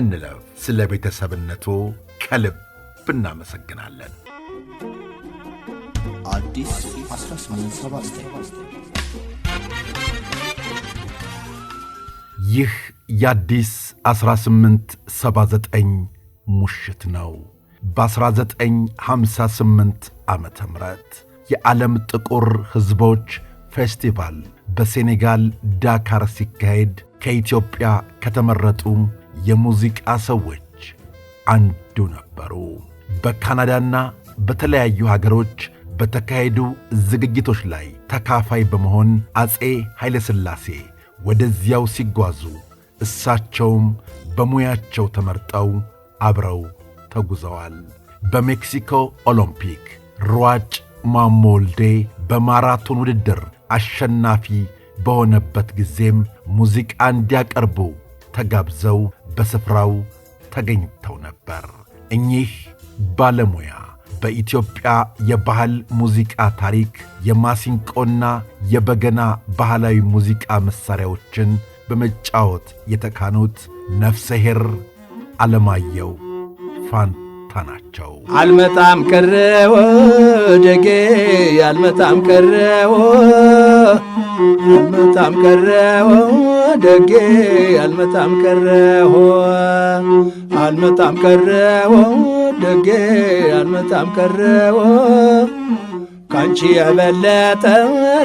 እንለፍ። ስለ ቤተሰብነቱ ከልብ እናመሰግናለን። ይህ የአዲስ 1879 ሙሽት ነው። በ1958 ዓ ም የዓለም ጥቁር ሕዝቦች ፌስቲቫል በሴኔጋል ዳካር ሲካሄድ ከኢትዮጵያ ከተመረጡ የሙዚቃ ሰዎች አንዱ ነበሩ። በካናዳና በተለያዩ ሀገሮች በተካሄዱ ዝግጅቶች ላይ ተካፋይ በመሆን አፄ ኃይለሥላሴ ወደዚያው ሲጓዙ እሳቸውም በሙያቸው ተመርጠው አብረው ተጉዘዋል። በሜክሲኮ ኦሎምፒክ ሯጭ ማሞ ወልዴ በማራቶን ውድድር አሸናፊ በሆነበት ጊዜም ሙዚቃ እንዲያቀርቡ ተጋብዘው በስፍራው ተገኝተው ነበር። እኚህ ባለሙያ በኢትዮጵያ የባህል ሙዚቃ ታሪክ የማሲንቆና የበገና ባህላዊ ሙዚቃ መሣሪያዎችን በመጫወት የተካኑት ነፍሰሄር አለማየው ፋንታ ናቸው። አልመጣም ቀረወ ደጌ አልመጣም ቀረወ አልመጣም ቀረወ አደጌ አልመጣም ቀረሆ አልመጣም ቀረሆ ደጌ አልመጣም ቀረሆ ካንቺ የበለጠ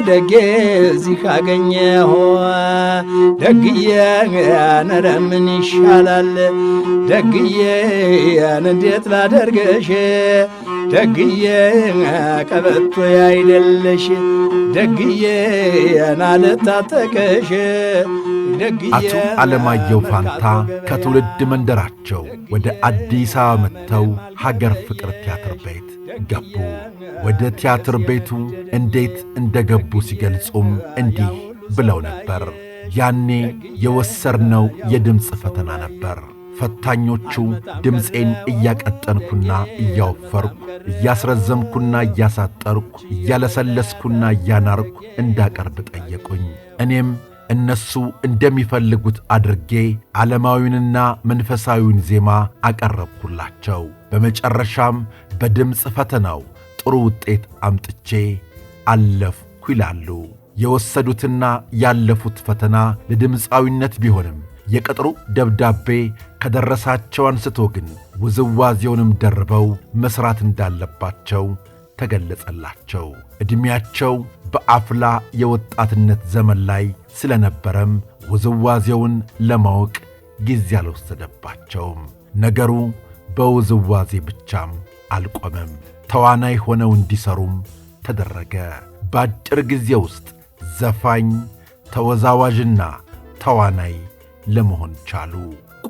ደጌ እዚህ አገኘሁ። ደግዬ ያነረምን ይሻላል ደግዬ እንዴት ላደርገሽ? ደግዬ ቀበቶ ያይደለሽ ደግዬ ናልታጠቀሽ። አቶ ዓለማየሁ ፋንታ ከትውልድ መንደራቸው ወደ አዲስ አበባ መጥተው ሀገር ፍቅር ቲያትር ቤት ገቡ። ወደ ቲያትር ቤቱ እንዴት እንደገቡ ሲገልጹም እንዲህ ብለው ነበር። ያኔ የወሰርነው የድምፅ ፈተና ነበር። ፈታኞቹ ድምፄን እያቀጠንኩና እያወፈርኩ እያስረዘምኩና እያሳጠርኩ እያለሰለስኩና እያናርኩ እንዳቀርብ ጠየቁኝ። እኔም እነሱ እንደሚፈልጉት አድርጌ ዓለማዊንና መንፈሳዊውን ዜማ አቀረብኩላቸው። በመጨረሻም በድምፅ ፈተናው ጥሩ ውጤት አምጥቼ አለፍኩ ይላሉ። የወሰዱትና ያለፉት ፈተና ለድምፃዊነት ቢሆንም የቅጥሩ ደብዳቤ ከደረሳቸው አንስቶ ግን ውዝዋዜውንም ደርበው መሥራት እንዳለባቸው ተገለጸላቸው። ዕድሜያቸው በአፍላ የወጣትነት ዘመን ላይ ስለነበረም ውዝዋዜውን ለማወቅ ጊዜ አልወሰደባቸውም። ነገሩ በውዝዋዜ ብቻም አልቆመም። ተዋናይ ሆነው እንዲሰሩም ተደረገ። በአጭር ጊዜ ውስጥ ዘፋኝ፣ ተወዛዋዥና ተዋናይ ለመሆን ቻሉ።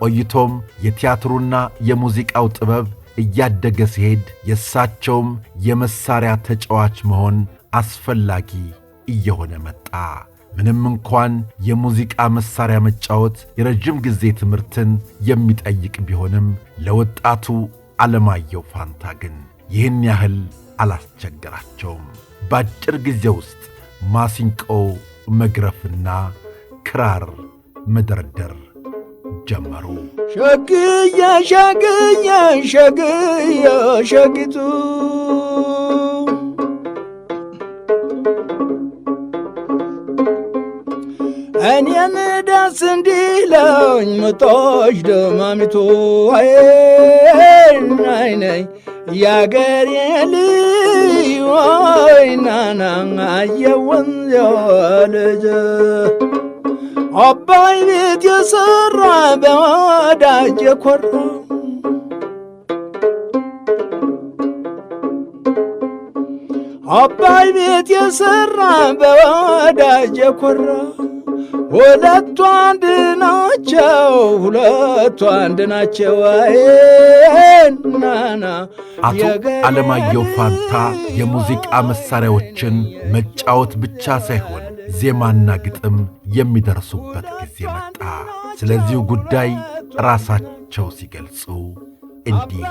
ቆይቶም የቲያትሩና የሙዚቃው ጥበብ እያደገ ሲሄድ የእሳቸውም የመሳሪያ ተጫዋች መሆን አስፈላጊ እየሆነ መጣ። ምንም እንኳን የሙዚቃ መሳሪያ መጫወት የረጅም ጊዜ ትምህርትን የሚጠይቅ ቢሆንም ለወጣቱ አለማየሁ ፋንታ ግን ይህን ያህል አላስቸገራቸውም። በአጭር ጊዜ ውስጥ ማሲንቆ መግረፍና ክራር መደርደር ጀመሩ። ሸግያ ሸግያ ሸግያ ሸግቱ እኔን ደስ እንዲለኝ መጣሽ ደማሚቱ አይናይነይ ያገሬ ልጅ ወይናና የወንዝ ልጅ አባይ ቤት የሰራ በወዳጅ የኮራ አባይ ቤት የሰራ በወዳጅ የኮራ ሁለቱ አንድ ናቸው፣ ሁለቱ አንድ ናቸው። አይናና አቶ አለማየሁ ፋንታ የሙዚቃ መሣሪያዎችን መጫወት ብቻ ሳይሆን ዜማና ግጥም የሚደርሱበት ጊዜ መጣ። ስለዚሁ ጉዳይ ራሳቸው ሲገልጹ እንዲህ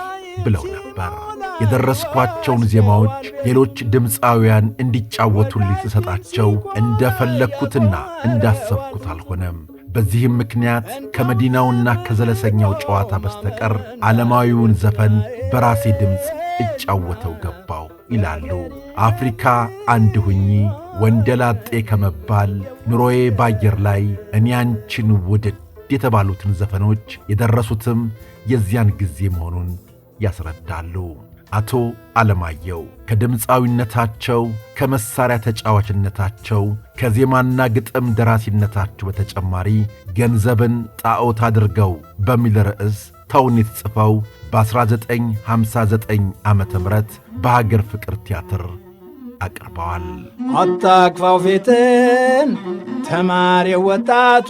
ብለው ነበር። የደረስኳቸውን ዜማዎች ሌሎች ድምፃውያን እንዲጫወቱልኝ ስሰጣቸው እንደፈለግኩትና እንዳሰብኩት አልሆነም። በዚህም ምክንያት ከመዲናውና ከዘለሰኛው ጨዋታ በስተቀር ዓለማዊውን ዘፈን በራሴ ድምፅ እጫወተው ገባው ይላሉ። አፍሪካ አንድ ሁኚ ወንደላጤ ከመባል ኑሮዬ ባየር ላይ እኔ አንቺን ውድድ የተባሉትን ዘፈኖች የደረሱትም የዚያን ጊዜ መሆኑን ያስረዳሉ። አቶ አለማየሁ ከድምፃዊነታቸው ከመሳሪያ ተጫዋችነታቸው ከዜማና ግጥም ደራሲነታቸው በተጨማሪ ገንዘብን ጣዖት አድርገው በሚል ርዕስ ተውኔት ጽፈው በ1959 ዓ ም በሀገር ፍቅር ቲያትር አቅርበዋል። አታክፋው ፊትን ተማሪ ወጣቱ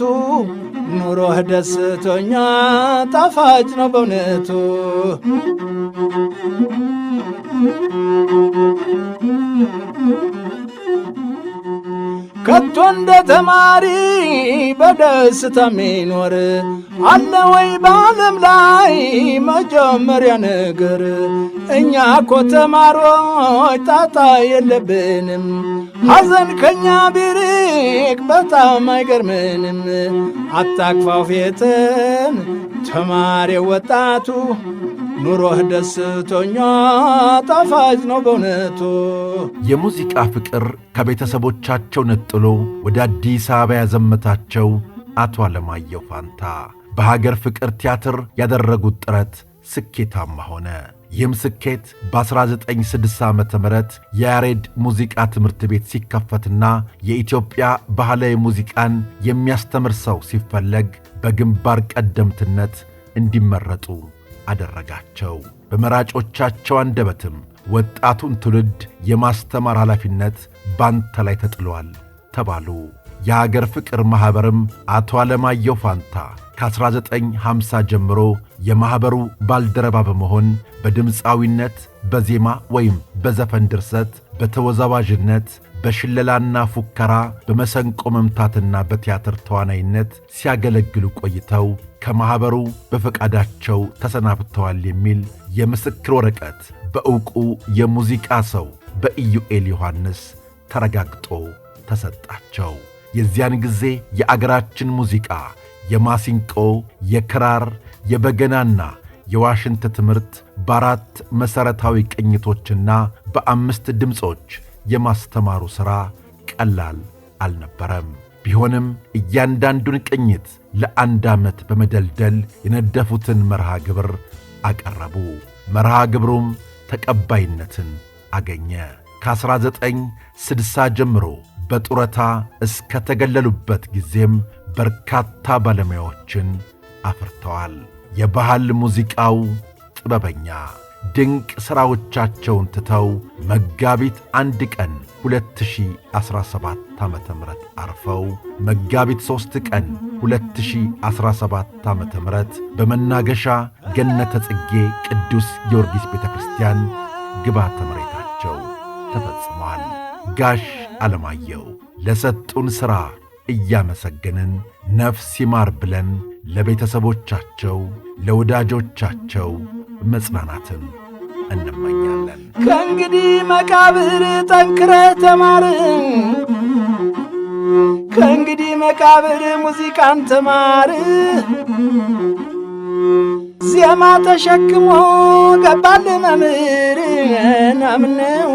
ኑሮህ ደስቶኛ ጣፋጭ ነው በእውነቱ Thank ከቶ እንደ ተማሪ በደስታ ሚኖር አለ ወይ በዓለም ላይ መጀመሪያ ነገር? እኛ እኮ ተማሮች ጣጣ የለብንም፣ ሐዘን ከኛ ቢርቅ በጣም አይገርምንም። አታክፋው ፊትን ተማሪ ወጣቱ ኑሮህ ደስቶኛ ጣፋጭ ነው በእውነቱ። የሙዚቃ ፍቅር ከቤተሰቦቻቸው ነጥሎ ወደ አዲስ አበባ ያዘመታቸው አቶ አለማየሁ ፋንታ በሀገር ፍቅር ቲያትር ያደረጉት ጥረት ስኬታማ ሆነ። ይህም ስኬት በ1960 ዓ ም የያሬድ ሙዚቃ ትምህርት ቤት ሲከፈትና የኢትዮጵያ ባህላዊ ሙዚቃን የሚያስተምር ሰው ሲፈለግ በግንባር ቀደምትነት እንዲመረጡ አደረጋቸው። በመራጮቻቸው አንደበትም ወጣቱን ትውልድ የማስተማር ኃላፊነት ባንተ ላይ ተጥሏል ተባሉ። የአገር ፍቅር ማኅበርም አቶ አለማየሁ ፋንታ ከ1950 ጀምሮ የማኅበሩ ባልደረባ በመሆን በድምፃዊነት፣ በዜማ ወይም በዘፈን ድርሰት፣ በተወዛዋዥነት በሽለላና ፉከራ በመሰንቆ መምታትና በቲያትር ተዋናይነት ሲያገለግሉ ቆይተው ከማኅበሩ በፈቃዳቸው ተሰናብተዋል የሚል የምስክር ወረቀት በዕውቁ የሙዚቃ ሰው በኢዩኤል ዮሐንስ ተረጋግጦ ተሰጣቸው። የዚያን ጊዜ የአገራችን ሙዚቃ የማሲንቆ፣ የክራር፣ የበገናና የዋሽንት ትምህርት በአራት መሠረታዊ ቅኝቶችና በአምስት ድምፆች የማስተማሩ ሥራ ቀላል አልነበረም። ቢሆንም እያንዳንዱን ቅኝት ለአንድ ዓመት በመደልደል የነደፉትን መርሃ ግብር አቀረቡ። መርሃ ግብሩም ተቀባይነትን አገኘ። ከ1960 ጀምሮ በጡረታ እስከተገለሉበት ጊዜም በርካታ ባለሙያዎችን አፍርተዋል። የባህል ሙዚቃው ጥበበኛ ድንቅ ሥራዎቻቸውን ትተው መጋቢት አንድ ቀን 2017 ዓ ም አርፈው መጋቢት ሦስት ቀን 2017 ዓ ም በመናገሻ ገነተ ጽጌ ቅዱስ ጊዮርጊስ ቤተ ክርስቲያን ግብዓተ መሬታቸው ተፈጽመዋል። ጋሽ ዓለማየሁ ለሰጡን ሥራ እያመሰገንን ነፍስ ይማር ብለን ለቤተሰቦቻቸው ለወዳጆቻቸው መጽናናትን እንመኛለን። ከእንግዲህ መቃብር ጠንክረህ ተማር፣ ከእንግዲህ መቃብር ሙዚቃን ተማር። ዜማ ተሸክሞ ገባል መምህር ናምነው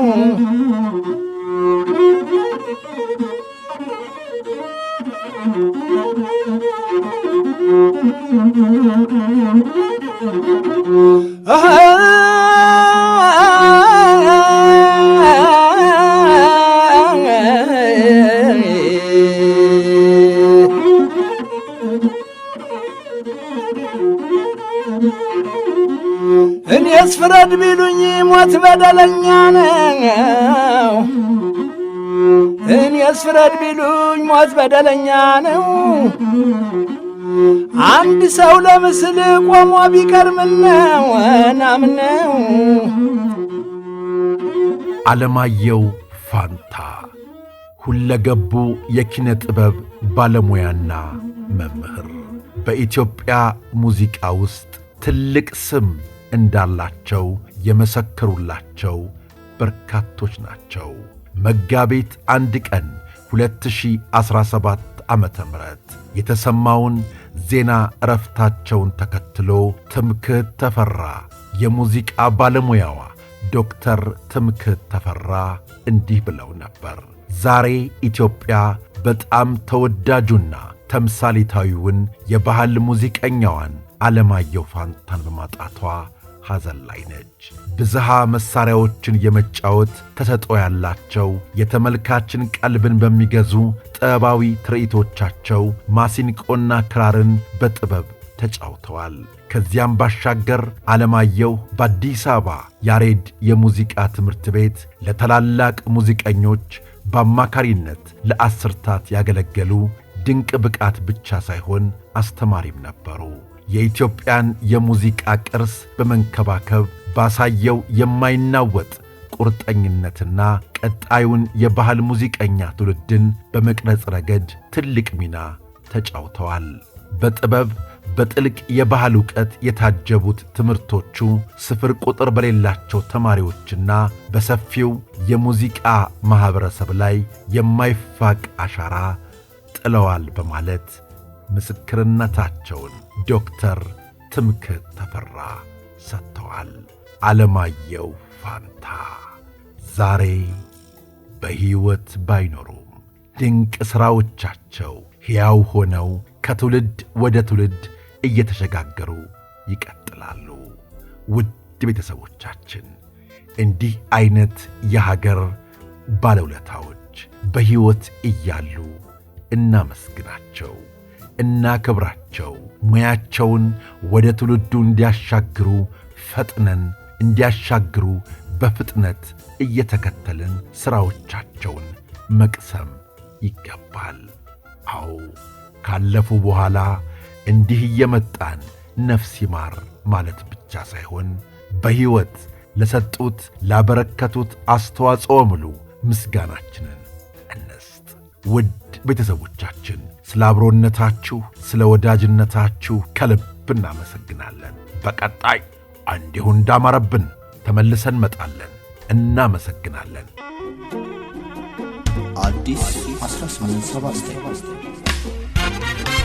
እኔስ ፍረድ ቢሉኝ ሞት በደለኛ ነው። እኔስ ፍረድ ቢሉኝ ሞት በደለኛ ነው። አንድ ሰው ለምስል ቆሞ ቢቀርምነው ናምነው። አለማየሁ ፋንታ ሁለገቡ የኪነ ጥበብ ባለሙያና መምህር በኢትዮጵያ ሙዚቃ ውስጥ ትልቅ ስም እንዳላቸው የመሰከሩላቸው በርካቶች ናቸው። መጋቢት አንድ ቀን 2017 ዓ ም የተሰማውን ዜና ዕረፍታቸውን ተከትሎ ትምክህት ተፈራ የሙዚቃ ባለሙያዋ ዶክተር ትምክህት ተፈራ እንዲህ ብለው ነበር። ዛሬ ኢትዮጵያ በጣም ተወዳጁና ተምሳሌታዊውን የባህል ሙዚቀኛዋን አለማየሁ ፋንታን በማጣቷ ሐዘን ላይ ነች። ብዝሃ መሣሪያዎችን የመጫወት ተሰጦ ያላቸው የተመልካችን ቀልብን በሚገዙ ጥበባዊ ትርኢቶቻቸው ማሲንቆና ክራርን በጥበብ ተጫውተዋል። ከዚያም ባሻገር ዓለማየሁ በአዲስ አበባ ያሬድ የሙዚቃ ትምህርት ቤት ለታላላቅ ሙዚቀኞች በአማካሪነት ለአስርታት ያገለገሉ ድንቅ ብቃት ብቻ ሳይሆን አስተማሪም ነበሩ። የኢትዮጵያን የሙዚቃ ቅርስ በመንከባከብ ባሳየው የማይናወጥ ቁርጠኝነትና ቀጣዩን የባህል ሙዚቀኛ ትውልድን በመቅረጽ ረገድ ትልቅ ሚና ተጫውተዋል። በጥበብ በጥልቅ የባህል ዕውቀት የታጀቡት ትምህርቶቹ ስፍር ቁጥር በሌላቸው ተማሪዎችና በሰፊው የሙዚቃ ማኅበረሰብ ላይ የማይፋቅ አሻራ ጥለዋል በማለት ምስክርነታቸውን ዶክተር ትምክህት ተፈራ ሰጥተዋል። ዓለማየሁ ፋንታ ዛሬ በሕይወት ባይኖሩም ድንቅ ሥራዎቻቸው ሕያው ሆነው ከትውልድ ወደ ትውልድ እየተሸጋገሩ ይቀጥላሉ። ውድ ቤተሰቦቻችን እንዲህ ዐይነት የሀገር ባለውለታዎች በሕይወት እያሉ እናመስግናቸው። እናክብራቸው። ሙያቸውን ወደ ትውልዱ እንዲያሻግሩ ፈጥነን እንዲያሻግሩ በፍጥነት እየተከተልን ሥራዎቻቸውን መቅሰም ይገባል። አዎ ካለፉ በኋላ እንዲህ እየመጣን ነፍስ ይማር ማለት ብቻ ሳይሆን በሕይወት ለሰጡት ላበረከቱት አስተዋጽኦ ሙሉ ምስጋናችንን እንስጥ። ውድ ቤተሰቦቻችን ስለ አብሮነታችሁ፣ ስለ ወዳጅነታችሁ ከልብ እናመሰግናለን። በቀጣይ እንዲሁ እንዳማረብን ተመልሰን መጣለን። እናመሰግናለን። አዲስ 1879